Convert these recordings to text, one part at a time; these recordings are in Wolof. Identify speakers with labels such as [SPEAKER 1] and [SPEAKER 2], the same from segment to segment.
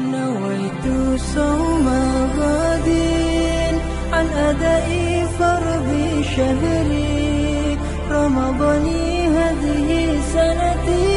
[SPEAKER 1] نويت صوم غد عن أداء فرض شهري رمضان هذه سنتي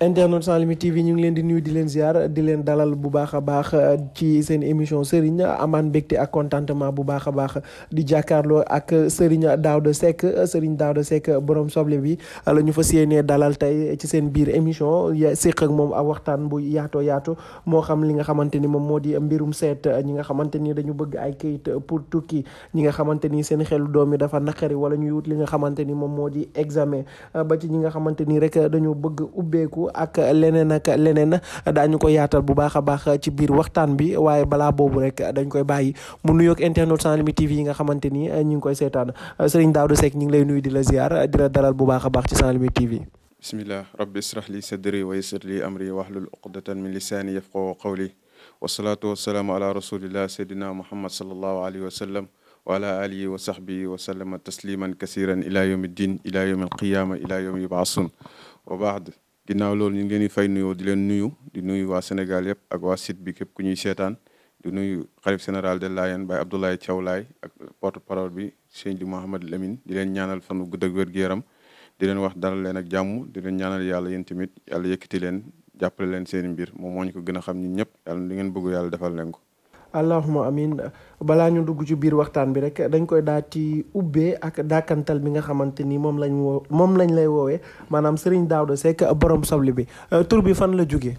[SPEAKER 1] internet mi limite tv ñu ngi leen di nuyu di leen ziar di leen dalal bu baax a baax euh, ci seen émission Serigne amaan mbégte ak contentement bu baax a baax di jàkkaarloo ak Serigne Daouda Seck Serigne Daouda Seck borom soble bi la ñu fas yéenee dalal tey ci seen biir émission séq moom ak waxtaan bu yaatoo yaatu moo xam li nga xamante ni moom moo di mbirum seet ñi nga xamante ni dañu bëgg ay kayit pour tukki ñi nga xamante ni seen xelu doom yi dafa naqari wala ñuy wut li nga xamante ni moom moo di examen ba ci ñi nga xamante ni rek dañoo bëgg ubbeeku ak leneen ak leneen daañu ko yaatal bu baax a baax ci biir waxtaan bi waaye balaa boobu rek dañ koy bàyyi mu nuyook internet sans limite TV yi nga xamante ni ñu ngi koy seetaan Serigne Daouda Seck ñu ngi lay nuyu di la ziar di la dalal bu baax a baax ci sans limite TV.
[SPEAKER 2] bismillah rabbi israh li sadri wa yassir li amri wahlul uqdatan min lisaani yafqahu qawli wasalaatu wasalaamu ala rasulillah sayyidina muhammad sallallahu alayhi wa sallam wa ala alihi wa sahbihi wa sallama tasliman kasiran ila yawmi ddin ila yawmi alqiyama ila yawmi yubaasun wa baax ginnaaw loolu ñu ngi di fay nuyoo di leen nuyu di nuyu waa Sénégal yëpp ak waa site bi képp ku ñuy seetaan di nuyu xalif général de Layène Baye Abdoulaye Thiaw Laye ak porte parole bi Sëñ di Mouhamed Lamine di leen ñaanal fa nu gudd ak wér di leen wax dalal leen ak jàmm di leen ñaanal yàlla yéen tamit yàlla yëkkati leen jàppale leen seen mbir moom moo ñu ko gën a xam ñun ñëpp yàlla li ngeen bëgg yàlla defal leen ko
[SPEAKER 1] allahuma amin balaa ñu dugg ci biir waxtaan bi rek dañ koy daal ci ubbee ak dàkkantal bi nga xamante ni moom lañ woo moom lañ lay woowee maanaam Serigne Daouda Seck borom soble bi euh, tur bi fan la jógee.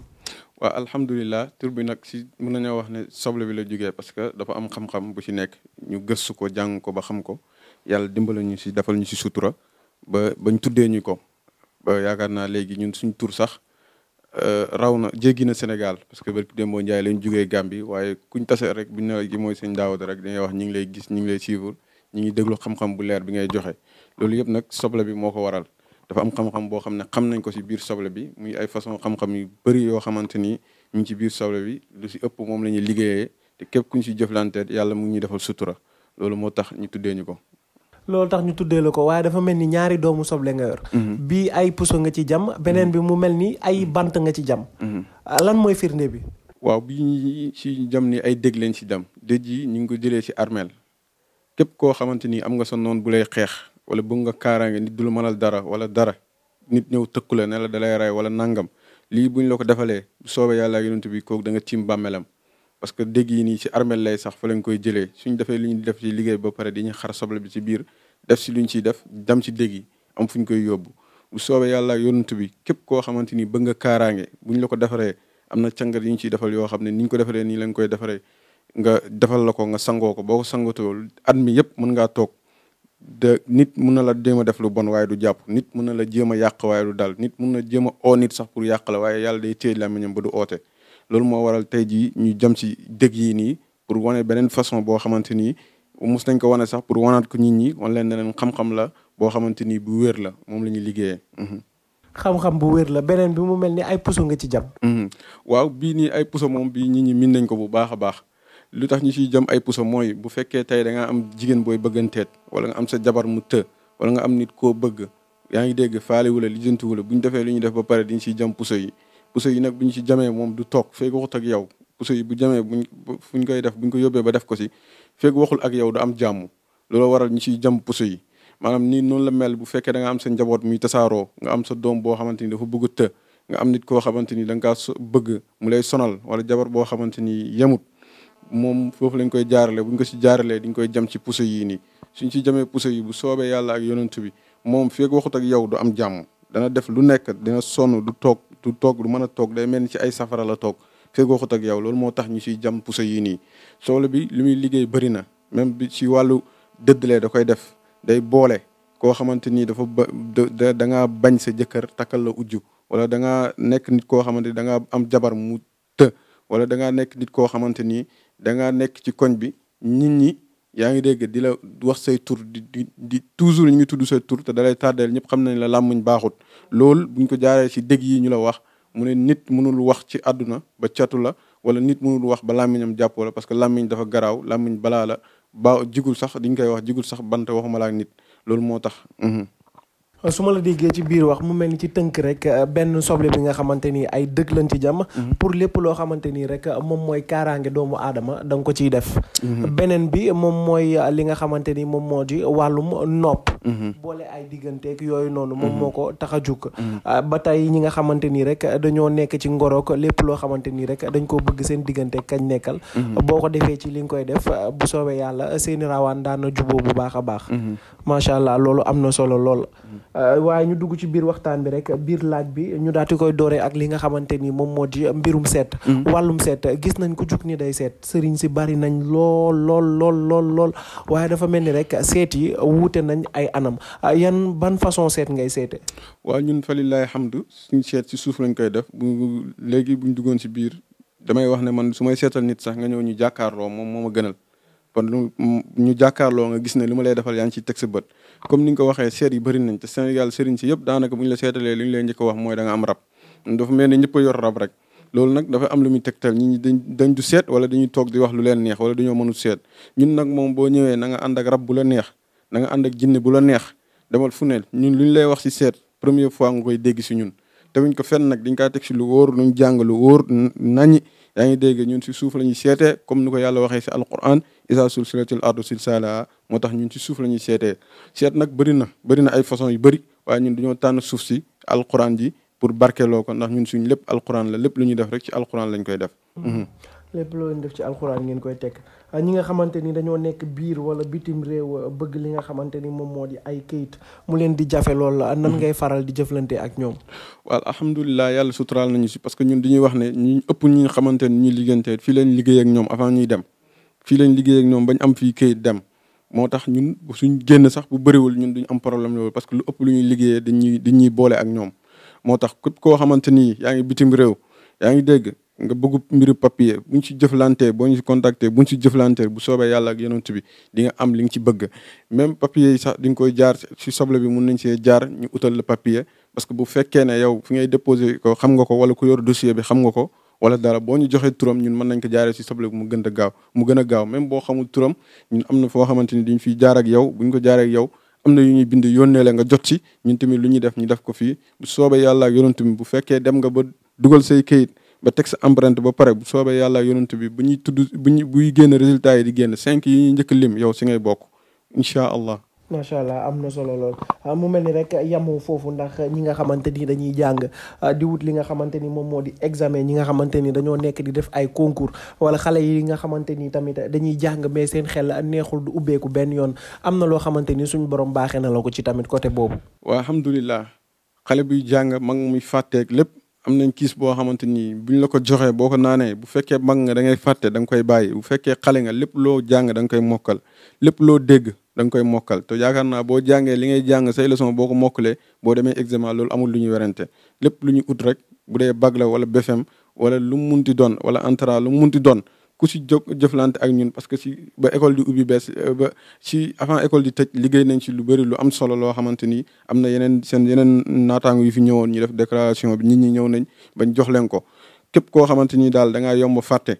[SPEAKER 2] waaw alhamdulilah tur bi nag si mun nañoo wax ne soble bi la jógee parce que dafa am xam-xam bu ci nekk ñu gëstu ko jàng ko ba xam ko yàlla dimbala ñu si defal ñu si sutura ba bañ tuddee ñu ko ba yaakaar naa léegi ñun suñ tur sax. Euh, raw na jéggi na Sénégal parce que barki Demba Ndiaye lañ jugee Gambie waaye kuñ tase rek bu ñu ji mooy sëñ Daawda rek dañuy wax ñu ngi lay gis ñu ngi lay suivre ñu ngi déglu xam-xam bu leer bi ngay joxe loolu yëpp nag soble bi moo ko waral dafa am xam boo xam ne xam nañ ko si biir soble bi muy ay façon xam-xam yu bëri yoo xamante ni ñu ci biir soble bi lu si ëpp moom la ñuy liggéeyee te képp kuñ si jëflantee yàlla mu ngi ñuy defal sutura loolu moo tax ñu tuddee ñu ko
[SPEAKER 1] loolu tax ñu tuddee la ko waaye dafa mel ni ñaari doomu soble nga yor. Mhm. bii ay puso nga ci jam beneen bi mu mel ni ay mhm. bant nga ci jam. Mhm. Ah, lan mooy firnde bi.
[SPEAKER 2] waaw bi ci jam ni ay dég leen ci jam dëj yi ñu ngi ko jëlee ci armeel képp koo xamante ni am nga sa noon bu lay xeex wala bëgg nga kaaraange nit du lu mënal dara wala dara nit ñëw tëkku la ne la dalay ray wala nangam lii buñ la ko defalee bu soobee yàlla yonent bi kook da nga tiim bàmmeelam parce que dégg yi nii ci armeel lay sax fa lañ koy jëlee suñ defee li ñu def ci liggéey ba pare di ñu xar soble bi ci biir def si luñ ciy def dem ci dégg yi am fu ñu koy yóbbu bu soobee yàlla yonent bi képp koo xamante ni bëgg nga kaaraange buñ la ko defaree am na càngat yi ñu ciy defal yoo xam ne ni ñu ko defaree nii lañ koy defaree nga defal la ko nga sangoo ko boo ko at mi yëpp mën ngaa toog de nit mun na la jéem a def lu bon waaye du jàpp nit mun na la jéem yàq waaye du dal nit mun na jéem a nit sax pour yàq la waaye yàlla day téye làmmiñam ba du oote loolu moo waral tey jii ñu jëm ci dëgg yi nii pour wane beneen façon boo xamante ni mus nañ ko wane sax pour wanaat ko nit ñi wan leen neneen xam la boo xamante ni bu wér la moom la ñuy liggéeyee. Mhm.
[SPEAKER 1] xam-xam bu wér la beneen bi mu mel ni ay puso nga ci jam
[SPEAKER 2] mhm. waaw bii nii ay puso moom bii nit ñi min nañ ko bu baax a baax lu tax ñu siy jëm ay puso mooy bu fekkee tey da nga am jigéen booy bëgganteet wala nga am sa jabar mu wala nga am nit koo bëgg yaa ngi dégg faale wula lijjanti wula bu ñu defee lu ñuy def ba pare diñ siy jëm puso yi puso yi nag bu ñu ci jamee moom du toog feeg waxut ak yow puso yi bu jamee buñ fuñ koy def buñ ko yóbbee ba def ko si feeg waxul ak yow du am jàmm loolu waral ñu ciy jam puso yi maanaam nii noonu la mel bu fekkee da nga am sa njaboot muy tasaaroo nga am sa doom boo xamante ni dafa bëgg të nga am nit koo xamante ni da kaa bëgg mu lay sonal wala jabar boo xamante ni yemut moom foofu lañ koy jaarale buñ ko si jaaralee diñ koy jam ci puso yii nii suñ si jamee puso yi bu soobee yàlla ak yonent bi moom feeg waxut ak yow du am jàmm dana def lu nekk dina sonn du toog du toog du mën a toog day mel ni ci ay safara la toog fekk waxut ak yow loolu moo tax ñu siy jam puso yii nii soxla bi lu muy liggéey bëri na même bi ci wàllu dëdd dëddlee da koy def day boole koo xamante ni dafa ba da ngaa bañ sa jëkkër takkal la ujju wala da nekk nit koo xamante ni da ngaa am jabar mu të wala da ngaa nekk nit koo xamante ni da ngaa nekk ci koñ bi nit ñi yaa ngi dégg di la wax say tur di di di toujours ñu ngi tudd say tur te dalay tardeel ñëpp xam nañ la làmmuñ baaxut loolu buñ ko jaaree si dégg yi ñu la wax mu ne nit mënul wax ci àdduna ba catu la wala nit mënul wax ba làmmiñam jàppoo la parce que làmmiñ dafa garaaw làmmiñ balaala ba jigul sax diñ koy wax jigul sax bante waxuma la nit loolu moo tax mhm.
[SPEAKER 1] su ma la déggee ci biir wax mu mel ni ci tënk rek euh, benn soble bi nga xamante ni ay dëkk lañ ci jàmm. Mhm. pour lépp loo xamante ni rek euh, moom mooy kaaraange doomu aadama da ko ciy def. Mhm. beneen bi moom mooy euh, li nga xamante ni moom moo di wàllum nopp. Mhm. boole ay digganteek yooyu noonu. moom moo ko tax a jug. ba tey ñi nga xamante ni rek dañoo nekk ci ngoroog lépp loo xamante ni rek dañ koo bëgg seen diggante kañ nekkal. boo ko defee ci li nga koy def bu soobee yàlla seeni raawaan daan na juboo bu baax a baax. macha allah loolu am na solo lool. Euh, waaye ñu dugg ci biir waxtaan bi rek biir laaj bi ñu daal di koy dooree ak li nga xamante ni moom moo di mbirum seet mm-hmm. wàllum seet gis nañ ko jug ni day seet sëriñ si bari nañ lool lool lool lool lool waaye dafa mel ni rek seet yi wuute nañ ay anam euh, yan ban façon seet ngay seete waaw
[SPEAKER 2] ñun fa lillahi hamdu suñ seet si suuf lañ koy def bu léegi bu ñu duggoon si biir damay wax ne man su may seetal nit sax nga ñëw ñu jàkkaarloo moom moo ma gënal kon lu ñu jàkkaarloo nga gis ne lu ma lay defal yaa ngi ciy teg si bët comme ni nga ko waxee seet yi bëri nañ te Sénégal sëriñ si yëpp daanaka bu ñu la seetalee li ñu lay njëkk a wax mooy da nga am rab dafa mel ne ñëpp a yor rab rek loolu nag dafa am lu muy teg ñi dañ dañ du seet wala dañuy toog di wax lu leen neex wala dañoo mënul seet ñun nag moom boo ñëwee nanga nga rab bu la neex na nga ànd ak jinne bu la neex demal fu ne ñun lu ñu lay wax si seet premier fois nga koy dégg si ñun teguñ ko fenn nag dañ kaa teg si lu wóor luñ jàng lu wóor nañi yaa ngi dégg ñun si suuf la ñuy seetee comme ni ko yàlla waxee si alquran isa sulsilatil ardu silsaala moo tax ñun si suuf la ñuy seetee seet nag bëri na bëri na ay façon yu bëri waaye ñun dañoo tànn suuf si alquran ji pour barkeloo ko ndax ñun suñ lépp alquran la lépp lu ñuy def rek ci alquran lañ koy def mm-hmm.
[SPEAKER 1] lépp loo def ci alxuraan ngeen koy tekk ah, ñi nga xamante ni dañoo nekk biir wala bitim réew ah, bëgg li nga xamante ni moom moo di ay kayit mu leen di jafe lool ah, nan mm-hmm. ngay faral di jëflante ak ñoom.
[SPEAKER 2] waaw alhamdulilah yàlla suturaal nañu si parce que ñun dañuy wax ne ñu ëpp ñi nga xamante ni ñu liggéeyante fii leen liggéey ak ñoom avant ñuy dem fi leen liggéey ak ñoom bañ am fii kayit dem moo tax ñun suñ génn sax bu bëriwul ñun duñu am problème loolu parce que lu ëpp lu ñuy liggéeyee dañuy dañuy boole ak moo tax képp koo xamante ni yaa ngi bitim réew yaa ngi dégg nga bëgg mbiri papier bu ñu ci jëflantee boo ñu ci bu ñu ci jëflantee bu soobee yàlla ak yonent bi di am li nga ci bëgg même papier yi sax di koy jaar ci soble bi mun nañ see jaar ñu utal le papier parce que bu fekkee ne yow ngay déposer ko xam nga ko wala ku yor dossier bi xam nga ko wala dara boo ñu joxee turam ñun mën nañ ko jaaree ci soble mu gën gaaw mu gën a gaaw même boo xamul turam am na foo xamante ni diñ fiy jaar ak yow bu ñu ko jaaree yow am na yu ñuy bind yónnee la nga jot ci ñun tamit lu ñuy def ñu def ko fii bu soobee yàlla ak bu fekkee dem nga ba dugal say kayit ba teg sa empreinte ba pare bu soobee yàlla yonent bi bu ñuy tudd bu ñuy buy génn résultat yi di génn cinq yi ñuy njëkk lim yow si ngay bokk incha allah.
[SPEAKER 1] macha allah am na solo lool ah, mu mel ni rek yamu foofu ndax ñi nga xamante ni dañuy jàng ah, di wut li nga xamante ni moom moo di examen ñi nga xamante ni dañoo nekk di def ay concours wala xale yi nga xamante ni tamit dañuy jàng mais seen xel neexul du ubbeeku benn yoon am na loo xamante ni suñu borom baaxee na la ko ci tamit côté boobu.
[SPEAKER 2] waaw alhamdulilah xale buy jàng mag muy fàtteeg lépp. am nañ kiis boo xamante ni buñ la ko joxee boo ko naanee bu fekkee mag nga dangay ngay fàtte da koy bàyyi bu fekkee xale nga lépp loo jàng danga koy mokkal lépp loo dégg danga koy mokkal te yaakaar naa boo jàngee li ngay jàng say leçon boo ko mokkalee boo demee examen loolu amul lu ñuy werante lépp lu ñu ut rek bu dee bac la wala BFEM wala lu mu munti doon wala antara lu mu munti doon ku si jóg jëflante ak ñun parce que si ba école di ubbi bees euh, ba si avant école di tëj liggéey nañ si lu bëri lu am solo loo xamante ni am na yeneen seen yeneen naataango yu fi ñëwoon ñu def déclaration bi nit ñi ñëw nañ bañ jox leen ko képp koo xamante ni daal da ngaa yomb fàtte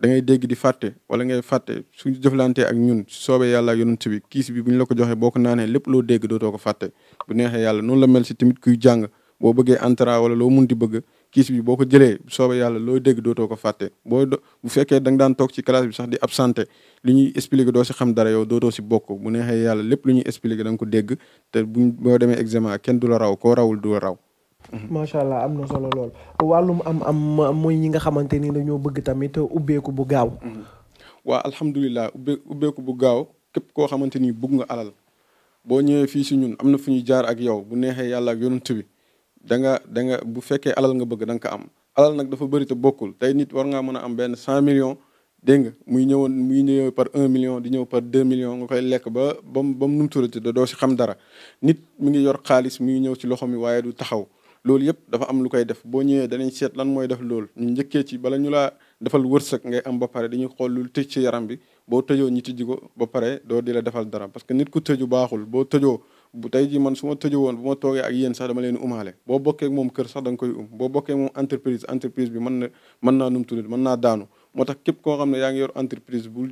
[SPEAKER 2] dangay ngay dégg di fàtte wala ngay fàtte suñu jëflantee ak ñun soobee yàlla ak yonent bi kiis bi bu ñu la ko joxee boo ko naanee lépp loo dégg dootoo ko fàtte bu neexee yàlla noonu la mel si tamit kuy jàng boo bëggee entra wala loo mun di bëgg kiis bi boo ko jëlee soobee yàlla loo dégg dootoo ko fàtte boo bu fekkee danga daan toog ci classe bi sax di absenté li ñuy expliqué doo si xam dara yow dootoo si bokk bu neexee yàlla lépp lu ñuy expliqué nga ko dégg te buñ boo demee examen kenn du la raw koo rawul du la raw.
[SPEAKER 1] Mm-hmm. macha allah am na solo lool wàllum am am muy ñi nga xamante ni dañoo bëgg tamit ubbeeku bu gaaw. Mm-hmm.
[SPEAKER 2] waa alhamdulilah ubbe bu gaaw képp koo xamante ni bëgg nga alal boo ñëwee fii si ñun am na fu ñuy jaar ak yow bu neexee yàlla ak yonent bi da nga da bu fekkee alal nga bëgg da ko am alal nag dafa bëri te bokkul tey nit war ngaa mën a am benn cent million dégg nga muy ñëwoon muy ñëw par un million di ñëw par deux million nga koy lekk ba bam ba mu numturati da doo si xam dara nit mi ngi yor xaalis mi ñëw ci loxo mi waaye du taxaw loolu yëpp dafa am lu koy def boo ñëwee danañ seet lan mooy def loolu ñu njëkkee ci bala ñu laa defal wërsëg ngay am ba pare dañuy xool lu tëj ci yaram bi boo tëjoo ñu tijji ko ba pare doo di la defal dara parce que nit ku tëju baaxul boo tëjoo bu tey ji man su ma tëjee woon bu ma toogee ak yéen sax dama leen umaale boo bokkee moom kër sax da nga koy um boo bokkee moom entreprise entreprise bi mën na mën naa num tudd mën naa daanu moo tax képp koo xam ne yaa ngi yor entreprise bul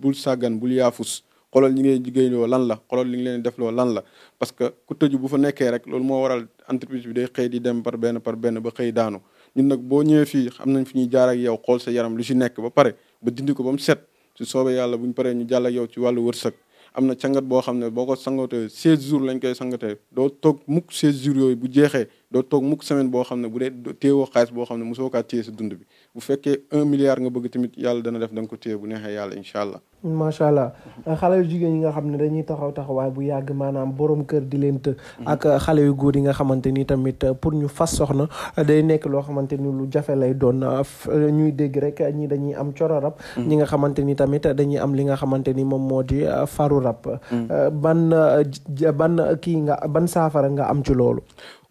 [SPEAKER 2] bul sàggan bul yaafus xoolal ñi ngay liggéeyloo lan la xoolal li ngi leen defloo lan la parce que ku tëju bu fa nekkee rek loolu moo waral entreprise bi day xëy di dem par benn par benn ba xëy daanu ñun nag boo ñëwee fii xam nañ fi ñuy jaar ak yow xool sa yaram lu si nekk ba pare ba dindi ko ba mu set su soobee yàlla bu paree ñu jàll yow ci wàllu wërsëg am na cangat boo xam ne boo ko sangatee 16 jours lañ koy sangatee doo toog mukk 16 jours yooyu bu jeexee doo toog mukk semaine boo xam ne bu dee téewoo xaalis boo xam ne mosoo kaa téye si dund bi bu fekkee un milliard nga bëgg tamit yàlla dana def da nga ko téye bu neexee yàlla incha allah.
[SPEAKER 1] macha allah xale yu jigéen yi nga xam ne dañuy taxaw taxawaay bu yàgg maanaam borom kër di leen të. xale yu góor yi nga xamante nii tamit pour ñu fas soxna day nekk loo xamante ni lu jafe lay doon ñuy dégg rek ñii dañuy am coro rab. Mm. ñi nga xamante ni tamit dañuy am li nga xamante ni moom moo di uh, faru rab. Mm. Uh, ban uh, ban kii nga ban saafara nga am ci loolu.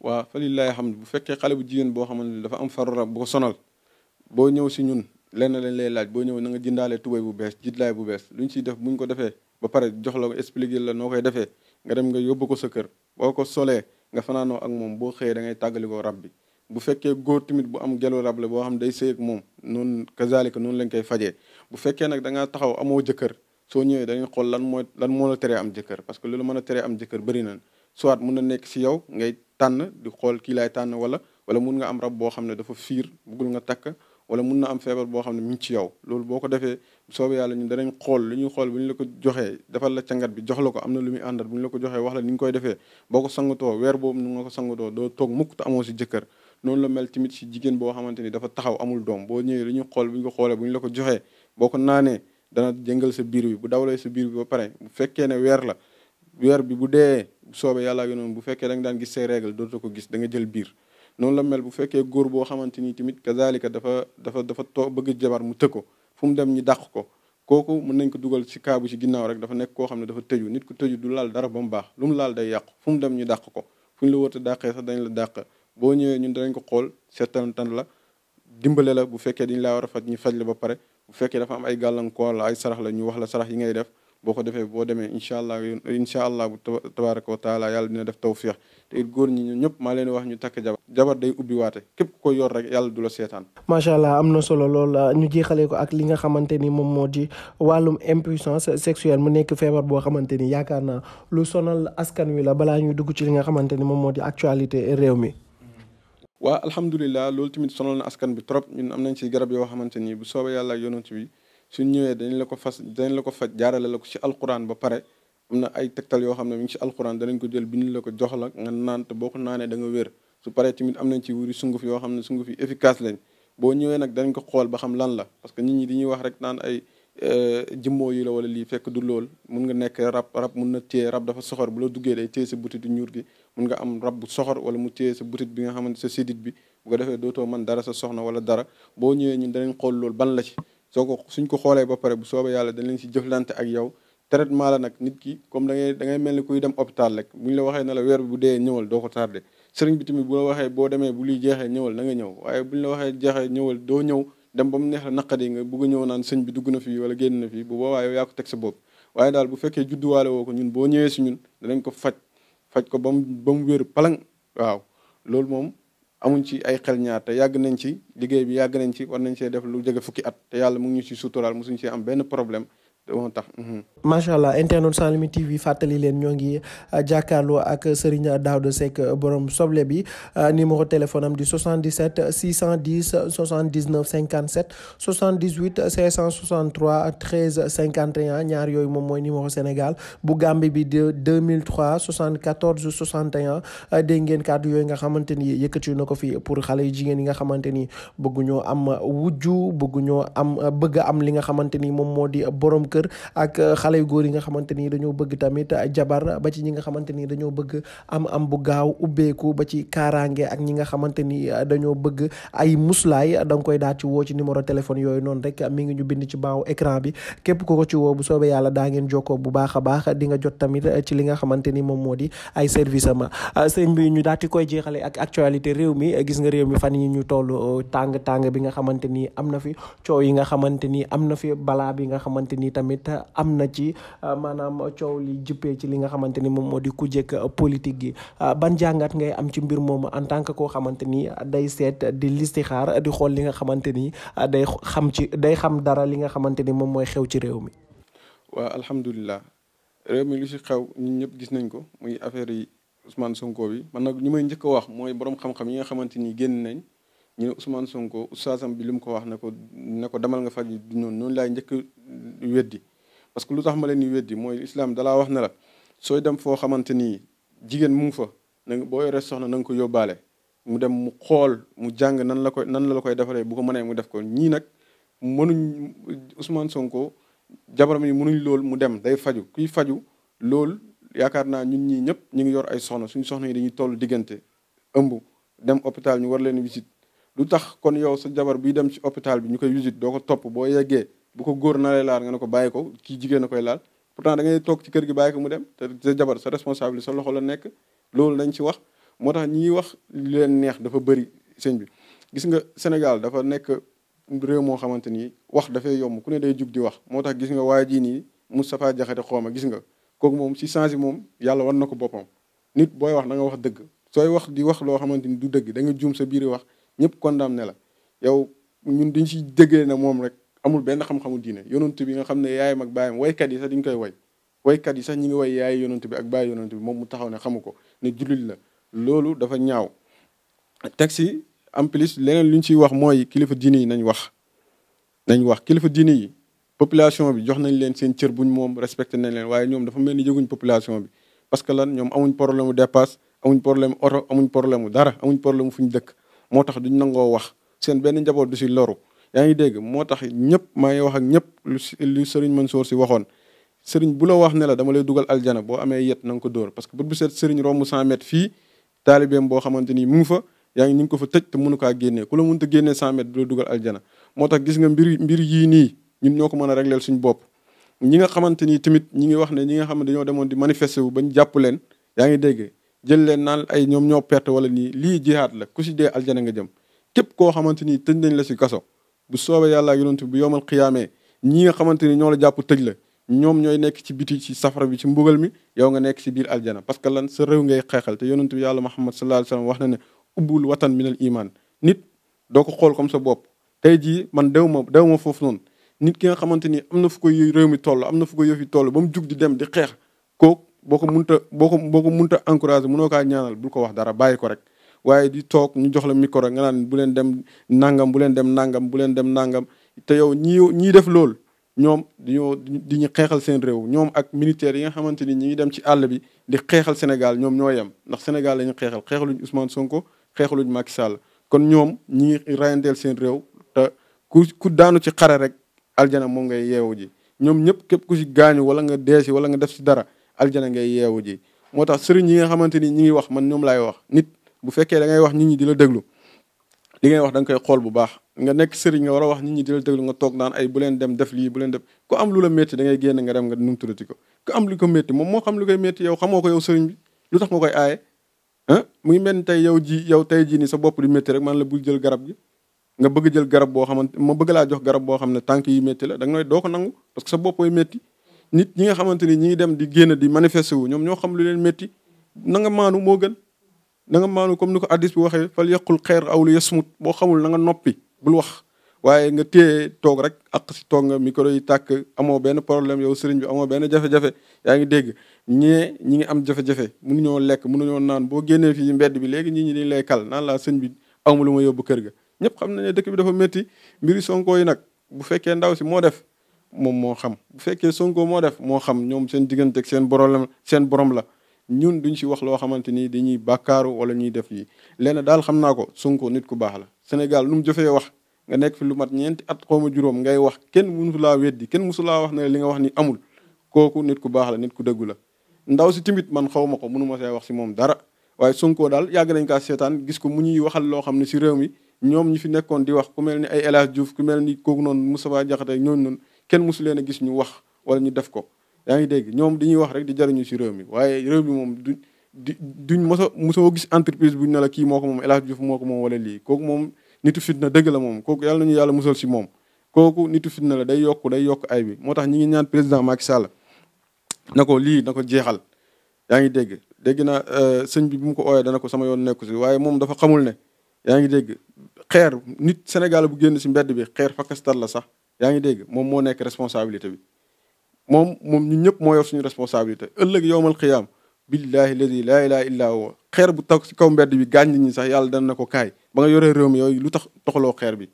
[SPEAKER 2] waaw fa lillahi xam bu fekkee xale bu jigéen boo xamante ne dafa am faru rab boo ko boo ñëw si ñun lenn lañ lay laaj boo ñëw na nga jëndaale tubay bu bees jidlaay bu bees luñ siy def buñ ko defee ba pare jox la expliqué la noo koy defee nga dem nga yóbbu ko sa kër boo ko solee nga fanaanoo ak moom boo xëyee da ngay tàggalikoo rab bi bu fekkee góor tamit bu am gelu rab la boo xam day sëy ak moom noonu kazalika noonu lañ koy fajee bu fekkee nag da ngaa taxaw amoo jëkkër soo ñëwee dañuy xool lan lan moo teree am jëkkër parce que loolu mën a teree am jëkkër bëri na soit mun na nekk si yow ngay tànn di xool kii laay tànn wala wala mun nga am rab boo xam ne dafa fiir bëggul nga takk wala mun na am feebar boo xam ne mi ngi ci yow loolu boo ko defee soobee yàlla ñun danañ xool lu ñuy xool bu ñu la ko joxee defal la cangat bi jox la ko am na lu muy àndal bu ñu la ko joxee wax ni ñu koy defee boo ko sangatoo weer boobu nu nga ko sangatoo doo toog mukk te amoo si jëkkër noonu la mel tamit si jigéen boo xamante ni dafa taxaw amul doom boo ñëwee lu ñuy xool bu ñu ko xoolee ñu la ko joxee boo ko naanee dana jëngal sa biir bi bu dawlee sa biir bi ba pare bu fekkee ne weer la weer bi bu dee soobee yàlla gi noonu bu fekkee da nga daan gis say règle dootoo ko gis danga jël biir noonu la mel bu fekkee góor boo xamante ni tamit kazalika dafa dafa dafa too bëgg jabar mu të ko fu mu dem ñu dàq ko kooku mën nañ ko dugal ci kaabu ci ginnaaw rek dafa nekk koo xam ne dafa tëju nit ku tëju du laal dara ba mu baax lu mu laal day yàqu fu dem ñu dàq ko fu ñu la wërta dàqee sax dañ la dàq boo ñëwee ñun danañ ko xool seetantan la dimbale la bu fekkee dañ laa war a faj ñu faj la ba pare bu fekkee dafa am ay gàllankoor la ay sarax la ñu wax la sarax yi ngay def boo ko defee boo demee incha allah incha allah bu tabaraka wa taala yàlla dina def tawfiix te it góor ñi ñun ñëpp maa leen wax ñu takk jabar jabar day ubbi waate képp ko yor rek yàlla du la seetaan
[SPEAKER 1] macha allah am na solo lool ñu jeexalee ko ak li nga xamante ni moom moo di wàllum impuissance sexuelle mu nekk feebar boo xamante ni yaakaar naa lu sonal askan wi la balaa ñuy dugg ci li nga xamante ni moom moo di actualité réew mi
[SPEAKER 2] waa alhamdulilah loolu tamit sonal na askan bi trop ñu am nañ ci garab yoo xamante ni bu soobee yàlla ak yonent bi suñ ñëwee dañ la ko fas dañ la ko faj jaarale la ko ci alquran ba pare am na ay tegtal yoo xam ne mu ngi ci alquran danañ ko jël bind la ko jox la nga naan te naanee da nga wér su tamit am nañ ci wuri sunguf yoo xam ne sunguf yi efficace lañ boo ñëwee nag ko xool ba xam lan la parce que nit ñi dañuy wax rek naan ay eh, jimmoo yi la wala lii fekk du lool mun nga nekk rab rab mun na téye rab dafa soxor bu la duggee day téye sa butit ñuur gi mun nga am rab bu soxor wala mu sa butit bi nga xamante sa sidit bi bu ko defee dootoo man dara sa soxna wala dara boo ñëwee ñun danañ xool loolu ban la ci soo ko suñ ko xoolee ba pare bu soobee yàlla dañ leen si jëflante ak yow traitement la nag nit ki comme da ngay da mel ni kuy dem hôpital rek bu ñu la waxee ne la bu dee ñëwal doo ko tardé sëriñ bi tamit bu la waxee boo demee bu liy jeexee ñëwal na nga ñëw waaye bu ñu la waxee jeexee ñëwal doo ñëw dem ba mu neex la naqadi nga bugg a ñëw naan sëñ bi dugg na fii wala génn na fii bu boobaa yow yaa ko teg sa bopp waaye daal bu fekkee judduwaale woo ñun boo ñëwee si ñun danañ ko faj faj ko ba mu ba mu wér palang waaw amuñ ci ay xel ñaar te yàgg nañ ci liggéey bi yàgg nañ ci war nañ see def lu jege fukki at te yàlla mu ngi ñu ci suturaal suñ ci am benn problème moo tax. Mhm.
[SPEAKER 1] macha allah internet sans limite TV fàttali leen ñoo ngi euh, jàkkaarloo ak Serigne Daouda Seck euh, borom soble bi euh, numéro téléphone am di 77 610 79 57 78 563 13 51 ñaar yooyu moom mooy numéro Sénégal bu Gambie bi de 2003 74 61 dégg ngeen kàddu yooyu nga xamante ni yëkkati na ko fi pour xale yu jigéen yi nga xamante ni bëgguñoo am wujju bëgguñoo am bëgg am li nga xamante ni moom moo di borom. kër ak euh, xale yu góor yi nga xamante ni dañoo bëgg tamit jabar ba ci ñi nga xamante ni dañoo bëgg am am bu gaaw ubbeeku ba ci kaaraange ak ñi nga xamante ni euh, dañoo bëgg ay muslaay da nga koy daal ci woo ci numéro téléphone yooyu noonu rek mi ngi ñu bind ci baaw écran bi képp ko ko ci woo bu soobee daa ngeen jokkoo bu baax a baax nga jot tamit euh, ci li xamante ni moom moo di ay service am sëñ bi ñu daal di koy jeexale ak actualité réew mi gis nga réew mi fan yi ñu toll tàng tàng bi nga xamante ni am na fi coow yi nga xamante am na fi balaa bi nga xamante ni tamit am na ci euh, maanaam coow li jëppee ci li nga xamante ni moom moo di ku jekk politique gi euh, ban jàngat ngay am ci mbir moomu en tant que koo xamante ni day seet di listixaar di xool li nga xamante ni euh, day xam ci day xam dara li nga xamante ni moom mooy xew ci réew mi. waaw alhamdulilah
[SPEAKER 2] réew mi lu si xew ñun ñëpp gis nañ ko muy affaire yi Ousmane Sonko bi man nag ñu may njëkk wax mooy borom xam-xam yi nga xamante ni génn nañ. ñu ne Sonko oustazam bi li mu ko wax ne ko ne ko demal nga faj du noonu laay njëkk weddi parce que lu tax ma leen di weddi mooy islam dalaa wax ne la sooy dem foo xamante ni jigéen mu fa na boo yoree soxna na ko yóbbaale mu dem mu xool mu jàng nan la koy nan la koy defaree bu ko mënee mu def ko ñii nag mënuñ Ousmane Sonko jabaram yi mënuñ lool mu dem day faju kuy faju lool yaakaar naa ñun ñii ñëpp ñu ngi yor ay soxna suñu soxna yi dañuy toll diggante ëmb dem hôpital ñu war leen visite lu tax kon yow sa jabar biy dem ci hôpital bi ñu koy visite doo ko topp boo yeggee bu ko góor na lay laal nga ne ko bàyyi ko kii jigéen na koy laal pourtant da ngay toog ci kër gi bàyyi ko mu dem te sa jabar sa responsabilité sa loxo la nekk loolu dañ ci wax moo tax ñiy wax leen neex dafa bëri sëñ bi gis nga Sénégal dafa nekk réew moo xamante ni wax dafay yomb ku ne day jug di wax moo tax gis nga waa jii nii Moustapha Diakhaté xooma gis nga kooku moom si change moom yàlla war na ko boppam nit booy wax da nga wax dëgg sooy wax di wax loo xamante ni du dëgg da nga juum sa biir wax ñëpp condamné la yow ñun diñ ci déggee na moom rek amul benn xam-xamu diine yonent bi nga xam ne yaayam ak baayam waykat yi sax diñ koy way waykat yi sax ñi ngi way yaay yonent bi ak baay yonent bi moom mu taxaw ne xamu ko ne jullit la loolu dafa ñaaw teg si en plus leneen lu ñu ciy wax mooy kilifa diine yi nañ wax nañ wax kilifa diine yi population bi jox nañ leen seen cër buñ moom respecté nañ leen waaye ñoom dafa mel ni yëguñ population bi parce que lan ñoom amuñ problème mu dépasse amuñ problème oto problème mu dara amuñ problème fu ñu dëkk moo tax duñ nangoo wax seen benn njaboot du si loru yaa ngi dégg moo tax ñëpp maa ngi wax ak ñëpp lu sëriñ Mansour si waxoon sëriñ bu la wax ne la dama lay dugal aljana boo amee yet na nga ko dóor parce que bët bu seet sëriñ romb 100 mètres fii taalibeem boo xamante ni mu ngi fa yaa ngi ñu ngi ko fa tëj te mënu kaa génnee ku la mënta génnee 100 mètres du la dugal aljana moo tax gis nga mbir mbir yii nii ñun ñoo ko mën a régleel suñu bopp ñi nga xamante ni tamit ñi ngi wax ne ñi nga xam ne dañoo demoon di manifester wu bañ jàpp leen yaa ngi dégg jël leen naan ay ñoom ñoo perte wala nii lii jihaad la ku si dee aljana nga jëm képp koo xamante ni tëj nañ la si kaso bu soobee yàlla ak yonent bu yowmal xiyaamee ñi nga xamante ni ñoo la jàpp tëj la ñoom ñooy nekk ci biti ci safara bi ci mbugal mi yow nga nekk si biir aljana parce que lan sa réew ngay xeexal te yonent bi yàlla Muhammad sallallahu alayhi wasallam wax na ne ubbul watan minal iman nit doo ko xool kom sa bopp tey jii man dew ma dew ma foofu noonu nit ki nga xamante ni am na fukkoy ko réew mi toll am na fu ko yëf yi toll ba mu jug di dem di xeex boo ko munta boo ko boo ko munta encouragé mënoo kaa ñaanal bul ko wax dara bàyyi ko rek waaye di toog ñu jox la micro nga naan bu leen dem nangam bu leen dem nangam bu leen dem nangam te yow ñi ñii def loolu ñoom dañoo di ñu xeexal seen réew ñoom ak militaires yi nga xamante ni ñi ngi dem ci àll bi di xeexal Sénégal ñoom ñoo yem ndax Sénégal la ñu xeexal xeexaluñ Ousmane Sonko xeexaluñ Macky kon ñoom ñi ngi seen réew te ku ku daanu ci xare rek aljana moom nga yeewu ji ñoom ñëpp képp ku si gaañu wala nga deesi wala nga def si dara aljana nga yeewu ji moo tax sëriñ yi nga xamante ni ñi ngi wax man ñoom laay wax nit bu fekkee da ngay wax nit ñi di la déglu li ngay wax da koy xool bu baax nga nekk sëriñ nga war a wax nit ñi di la déglu nga toog naan ay bu leen dem def lii bu leen def ku am lu la métti da ngay nga dem nga num tuddati ko ku am lu ko métti moom moo xam lu koy métti yow xamoo ko yow sëriñ bi lu tax ma koy aaye ah mu ngi mel ni tey yow ji yow tey jii ni sa bopp di métti rek man la bul jël garab gi nga bëgg jël garab boo xamante ma bëgg laa jox garab boo xam ne tànk yi métti la da nga nooy ko nangu parce bopp ay métti nit ñi nga xamante ni ñi ngi dem di génn di manifester wu ñoom ñoo xam lu leen métti nanga maanu moo gën na nga maanu comme ni ko addis bi waxee fal yaqul xeer aw lu yasmut boo xamul na nga noppi bul wax waaye nga téye toog rek ak si toog nga micro yi tàkk amoo benn problème yow sëriñ bi amoo benn jafe-jafe yaa ngi dégg ñee ñi ngi am jafe-jafe mënuñoo lekk mënuñoo naan boo génnee fii mbedd bi léegi ñi ñi dañ lay kal naan laa sëñ bi awma lu ma yóbbu kër ga ñëpp xam na ne dëkk bi dafa métti mbiri sonko yi nag bu fekkee ndaw si moo def moom moo xam bu fekkee Sonko moo def moo xam ñoom seen diggante seen borom seen borom la ñun du ñu si wax loo xamante ni dañuy bàkkaaru wala ñuy def yi lenn daal xam naa ko sunkoo nit ku baax la Sénégal lu mu jëfee wax nga nekk fi lu mat ñeenti at xawma juróom ngay wax kenn mënu laa weddi kenn mësu wax ne li nga wax ni amul kooku nit ku baax la nit ku dëggu la ndaw si timit man xaw ma ko mënu see wax si moom dara waaye Sonko daal yàgg nañ kaa seetaan gis ko mu ñuy waxal loo xam ne si réew mi ñoom ñi fi nekkoon di wax ku mel ni ay El Hadj Diouf ku mel ni kooku noonu Moustapha Diakhaté ñooñu noonu kenn mosu leen a gis ñu wax wala ñu def ko yaa ngi dégg ñoom dañuy wax rek di jariñu si réew mi waaye réew mi moom du di duñ mos a mosoo gis entreprise buñ ne la kii moo ko moom El Hadj Diouf moom wala lii kooku moom nitu fitna dëgg la moom kooku yàlla nañu yàlla musal si moom kooku nitu fitna la day yokk day yokk ay bi moo tax ñi ngi ñaan président Macky Sall na ko lii na ko jeexal yaa ngi dégg dégg na euh, sëñ bi bu mu ko ooyee dana ko sama yoon nekku si waaye moom dafa xamul ne yaa ngi dégg xeer nit Sénégal bu génn si mbedd bi xeer fakastal la sax yaa ngi dégg moom moo nekk responsabilité bi moom moom ñu ñëpp moo yor suñu responsabilité ëllëg yowmal xiyaam billahi ladi laa ilaha illa huwa xeer bu taw si kaw mbedd bi gaañ ñi sax yàlla dana na ko kaay ba nga yoree mi yooyu lu tax toxaloo xeer bi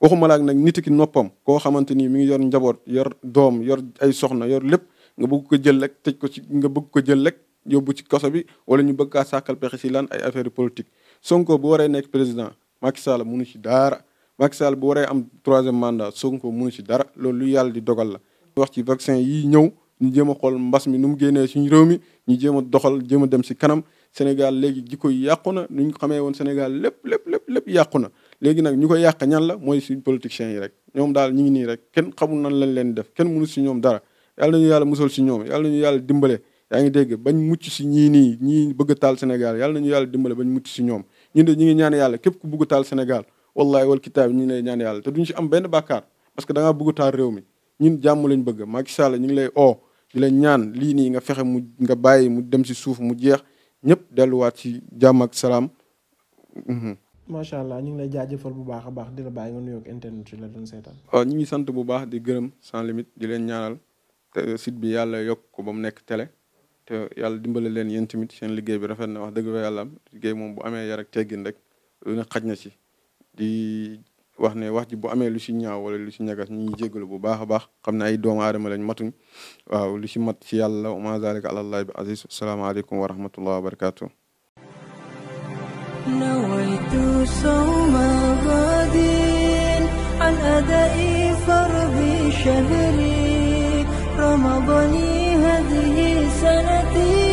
[SPEAKER 2] waxuma laak nag nit noppam koo xamante ni mi ngi yor njaboot yor doom yor ay soxna yor lépp nga bëgg ko jël rek tëj ko ci nga bëgg ko jël rek yóbbu ci kaso bi wala ñu bëgg kaa sàkkal pexe si lan ay affaire politique Sonko bu waree nekk président Macky Sall mënu ci daara Macky Sall bu waree am troisième mandat Sonko mënu ci dara loolu lu yàlla di dogal la. wax ci vaccin yi ñëw ñu jéem a xool mbas mi nu mu génnee suñu réew mi ñu jéem a doxal jéem a dem si kanam Sénégal léegi jikko yi yàqu na nu ñu xamee woon Sénégal lépp lépp yàqu na. léegi nag ñu ko yàq ñan la mooy suñu politiciens yi rek ñoom daal ñu ngi nii rek kenn xamul nan lañ leen def kenn munu si ñoom dara yàlla nañu yàlla musal si ñoom yàlla nañu yàlla dimbale yaa ngi dégg bañ mucc si ñii nii ñii bëgg taal Sénégal yàlla nañu yàlla dimbale bañ mucc si ñoom ñu de ñu ngi ñaan yàlla képp ku bëgg taal Sénégal wallahi wal kitaab ñu ngi lay ñaan yàlla te duñu si am benn bàkkaar parce que da ngaa bëgg taal réew mi ñun jàmm lañ bëgg Macky Sall ñu ngi lay oo di la ñaan lii nii nga fexe mu nga bàyyi mu dem si suuf mu jeex ñëpp delluwaat ci jàmm ak salaam. Mhm.
[SPEAKER 1] macha allah ñu ngi lay jaajëfal bu baax a baax di la bàyyi nga nuyoog internet yi la doon seetaan.
[SPEAKER 2] waaw ñu ngi sant bu baax di gërëm sans limite di leen ñaanal te bi yàlla yokk ko ba mu nekk tele te yàlla dimbale leen yéen tamit seen liggéey bi rafet na wax dëgg fa yàlla am liggéey moom bu amee yar ak teggin rek lu xaj na ci. di wax ne wax ji bu amee lu si ñaaw wala lu si ñagas ñu ngi jégalu bu baax a baax xam ne ay doomu aadama lañ matuñ waaw lu si mat si yàlla wa ma zalika àlallahi bi aziz asalaamaaleykum wa rahmatullah wa barakatuh
[SPEAKER 1] نويت صوم غد عن أداء فرض شهري رمضان هذه سنتي